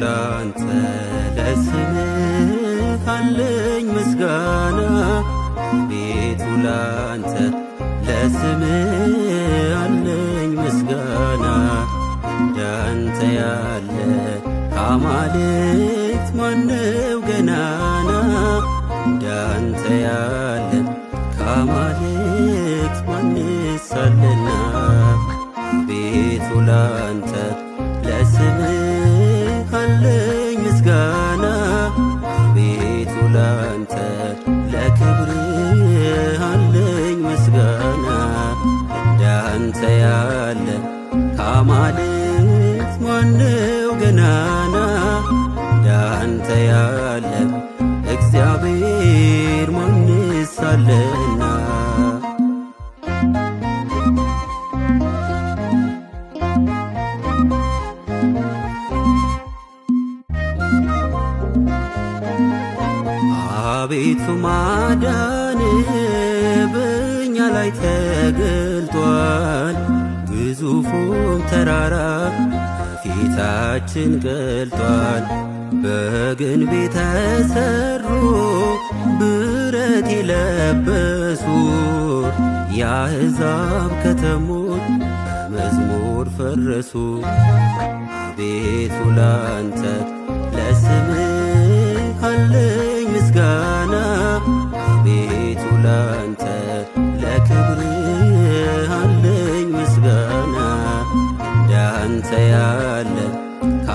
ላንተ ለስምህ አለኝ ምስጋና ቤቱ ላንተ ለስምህ አለኝ ምስጋና ዳንተ ያለ ከአማልክት ማነው ገናና ዳንተ ያለ ከአማልክት ማንሳለና ቤቱ ላንተ አንተ ያለ ከአማልክት ማነው ገናና እንዳንተ ያለ እግዚአብሔር ማንስ አለና አቤቱ ማዳን ላይ ተገልጧል። ግዙፉም ተራራ ፊታችን ቀልጧል። በግንብ የተሰሩ ብረት የለበሱ የአሕዛብ ከተሞች መዝሙር ፈረሱ። አቤቱ ላንተ ለስምህ አለኝ ምስጋና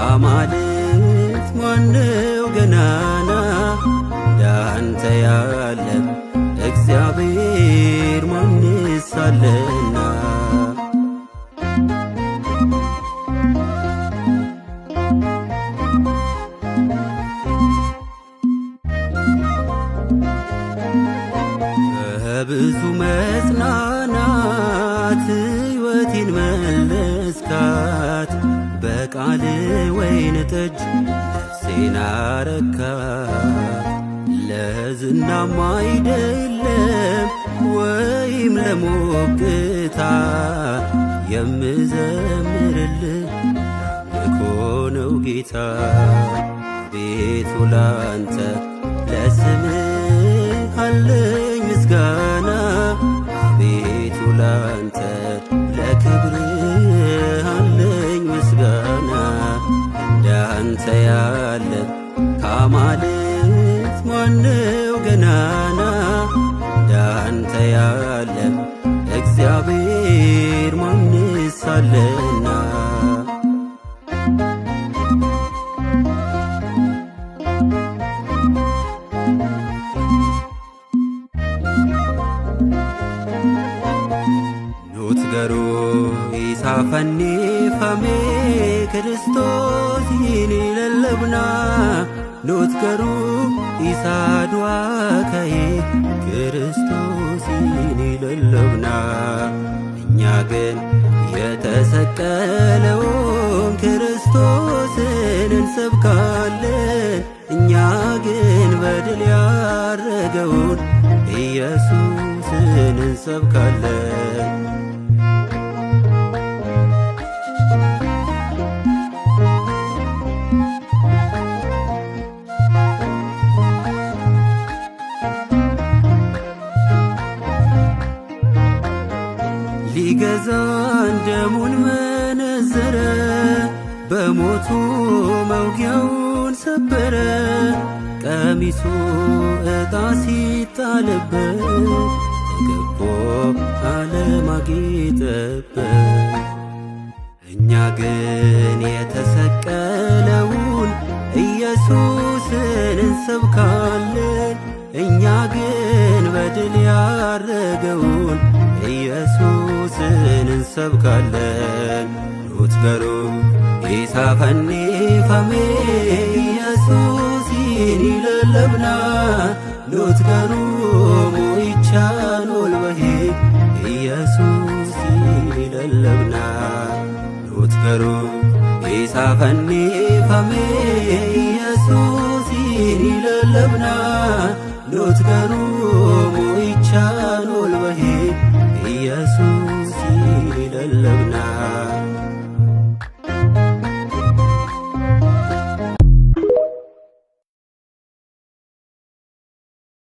አማልክት ማነው ገናና እንዳንተ ያለ እግዚአብሔር ማንስ አለና በብዙ መጽናናት ሕይወቴን መለስካት ቃል ወይን ጠጅ ነፍሴን አረካት። ለዝናም አይደለም ወይም ለሞቅታ የምዘምርልህ የኮነው ጌታ ቤቱ ላንተ ለስምህ አለ አንተ ያለ ከአማልክት ማነው ገናና ኢሳፈኔፈሜ ክርስቶስ ይንለለብና ኖት ገሩ ኢሳ ድዋ ከዬ ክርስቶስ ይንለለብና እኛ ግን የተሰቀለውን ክርስቶስን እንሰብካለን። እኛ ግን በድል ያረገውን ኢየሱስን እንሰብካለን። ቤዛን ደሙን መነዘረ በሞቱ መውጊያውን ሰበረ ቀሚሱ ዕጣ ሲጣልበት ገቦ አለማጌጠበት እኛ ግን የተሰቀለውን ኢየሱስን እንሰብካለን እኛ ግን በድል ያረገውን ኢየሱስን እንሰብካለን ኑት በሉ ኢሳ ፈኒ ፈሜ ኢየሱሲን ይለለብና ኑት ገሩ ሙይቻ ኖልበሄ ኢየሱሲን ይለለብና ኑት ገሩ ኢሳ ፈሜ love.